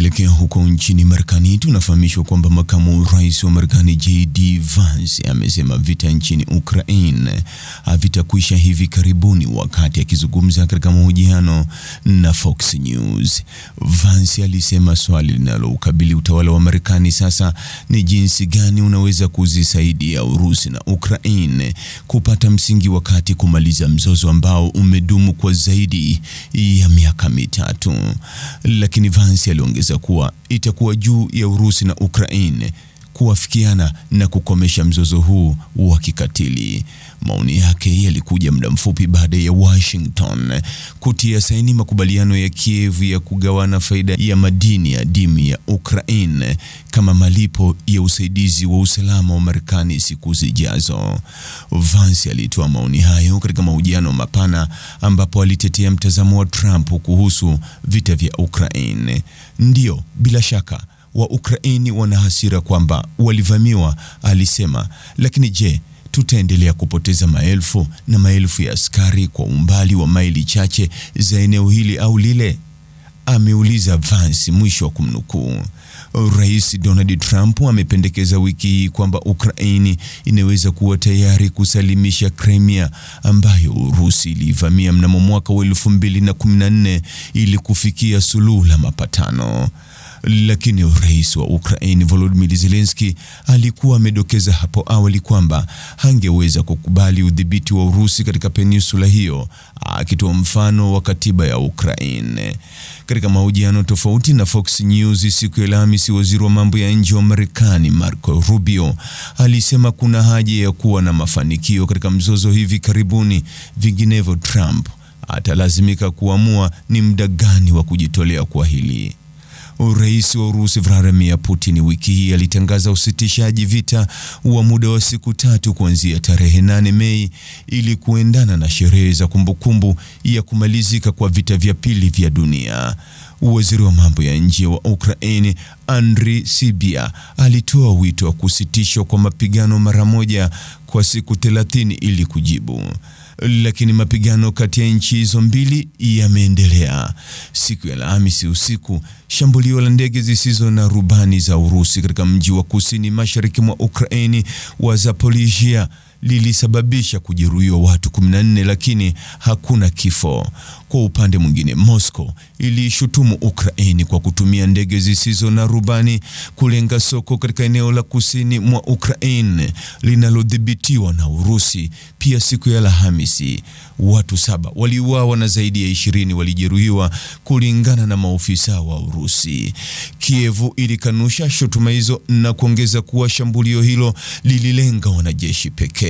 Tukielekea huko nchini Marekani, tunafahamishwa kwamba makamu rais wa Marekani JD Vance amesema vita nchini Ukraine havitakwisha hivi karibuni. Wakati akizungumza katika mahojiano na Fox News, Vance alisema swali linaloukabili utawala wa Marekani sasa ni jinsi gani unaweza kuzisaidia Urusi na Ukraine kupata msingi wakati kumaliza mzozo ambao umedumu kwa zaidi ya miaka mitatu, lakini Vance aliongeza kabisa kuwa itakuwa juu ya Urusi na Ukraine kuafikiana na kukomesha mzozo huu wa kikatili. Maoni yake yalikuja muda mfupi baada ya Washington kutia saini makubaliano ya Kiev ya kugawana faida ya madini adimu ya Ukraine kama malipo ya usaidizi wa usalama wa Marekani siku zijazo. Vance alitoa maoni hayo katika mahojiano mapana ambapo alitetea mtazamo wa Trump kuhusu vita vya Ukraine. Ndiyo, bila shaka wa Ukraini wana hasira kwamba walivamiwa, alisema. Lakini je, tutaendelea kupoteza maelfu na maelfu ya askari kwa umbali wa maili chache za eneo hili au lile? ameuliza Vance, mwisho wa kumnukuu. Rais Donald Trump amependekeza wiki hii kwamba Ukraini inaweza kuwa tayari kusalimisha Crimea ambayo Urusi ilivamia mnamo mwaka wa 2014 ili kufikia suluhu la mapatano. Lakini rais wa Ukraine Volodymyr Zelensky alikuwa amedokeza hapo awali kwamba hangeweza kukubali udhibiti wa Urusi katika peninsula hiyo, akitoa mfano wa katiba ya Ukraine. Katika mahojiano tofauti na Fox News siku ya Alhamisi, waziri wa mambo ya nje wa Marekani Marco Rubio alisema kuna haja ya kuwa na mafanikio katika mzozo hivi karibuni, vinginevyo Trump atalazimika kuamua ni muda gani wa kujitolea kwa hili. Rais wa Urusi Vladimir Putin wiki hii alitangaza usitishaji vita wa muda wa siku tatu kuanzia tarehe nane Mei ili kuendana na sherehe za kumbukumbu ya kumalizika kwa vita vya pili vya dunia. Waziri wa mambo ya nje wa Ukraini Andriy Sybiha alitoa wito wa kusitishwa kwa mapigano mara moja kwa siku 30 ili kujibu, lakini mapigano kati ya nchi hizo mbili yameendelea. Siku ya Alhamisi usiku, shambulio la ndege zisizo na rubani za Urusi katika mji wa kusini mashariki mwa Ukraini wa Zaporizhia lilisababisha kujeruhiwa watu 14 lakini hakuna kifo. Kwa upande mwingine, Moscow iliishutumu Ukraini kwa kutumia ndege zisizo na rubani kulenga soko katika eneo la kusini mwa Ukraine linalodhibitiwa na Urusi. Pia siku ya Alhamisi, watu saba waliuawa na zaidi ya ishirini walijeruhiwa kulingana na maofisa wa Urusi. Kievu ilikanusha shutuma hizo na kuongeza kuwa shambulio hilo lililenga wanajeshi pekee